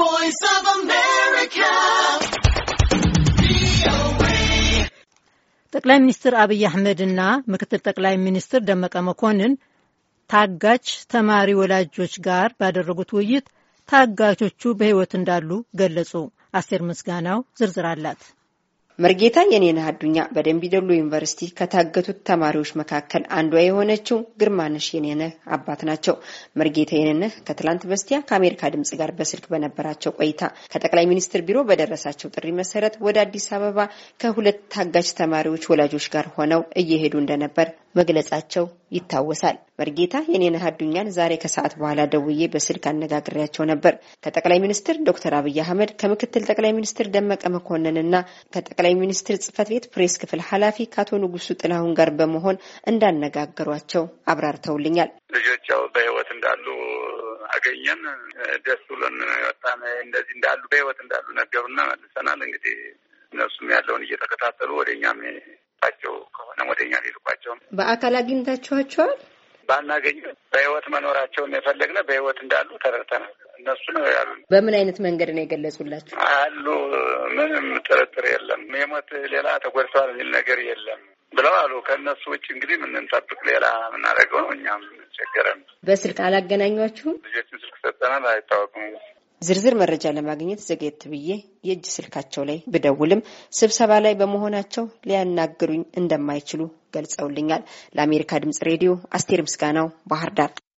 voice of America. ጠቅላይ ሚኒስትር አብይ አህመድና ምክትል ጠቅላይ ሚኒስትር ደመቀ መኮንን ታጋች ተማሪ ወላጆች ጋር ባደረጉት ውይይት ታጋቾቹ በሕይወት እንዳሉ ገለጹ። አስቴር ምስጋናው ዝርዝር አላት። መርጌታ የኔነህ አዱኛ በደንቢ ዩኒቨርሲቲ ከታገቱት ተማሪዎች መካከል አንዷ የሆነችው ግርማነሽ የኔነ አባት ናቸው። መርጌታ የኔነህ ከትላንት በስቲያ ከአሜሪካ ድምጽ ጋር በስልክ በነበራቸው ቆይታ ከጠቅላይ ሚኒስትር ቢሮ በደረሳቸው ጥሪ መሰረት ወደ አዲስ አበባ ከሁለት ታጋች ተማሪዎች ወላጆች ጋር ሆነው እየሄዱ እንደነበር መግለጻቸው ይታወሳል። መርጌታ የኔነህ አዱኛን ዛሬ ከሰዓት በኋላ ደውዬ በስልክ አነጋግሬያቸው ነበር። ከጠቅላይ ሚኒስትር ዶክተር አብይ አህመድ ከምክትል ጠቅላይ ሚኒስትር ደመቀ መኮንንና ከጠቅላይ ሚኒስትር ጽህፈት ቤት ፕሬስ ክፍል ኃላፊ ከአቶ ንጉሱ ጥላሁን ጋር በመሆን እንዳነጋገሯቸው አብራርተውልኛል። ልጆቻው በህይወት እንዳሉ አገኘን። ደስ ብሎን ወጣን። እንደዚህ እንዳሉ በህይወት እንዳሉ ነገሩና መልሰናል። እንግዲህ እነሱም ያለውን እየተከታተሉ ወደ እኛም ቸው ነው ወደኛ ሊልቋቸውም። በአካል አግኝታችኋቸዋል? ባናገኝ በህይወት መኖራቸውን የፈለግነ በህይወት እንዳሉ ተረድተናል። እነሱ ነው ያሉ። በምን አይነት መንገድ ነው የገለጹላቸው? አሉ ምንም ጥርጥር የለም የሞት ሌላ ተጎድተዋል የሚል ነገር የለም ብለው አሉ። ከእነሱ ውጭ እንግዲህ ምንንጠብቅ ሌላ የምናደርገው ነው። እኛም ቸገረን። በስልክ አላገናኟችሁም? ልጆችን ስልክ ሰጠናል። አይታወቅም ዝርዝር መረጃ ለማግኘት ዘግየት ብዬ የእጅ ስልካቸው ላይ ብደውልም ስብሰባ ላይ በመሆናቸው ሊያናግሩኝ እንደማይችሉ ገልጸውልኛል። ለአሜሪካ ድምጽ ሬዲዮ አስቴር ምስጋናው ባህር ዳር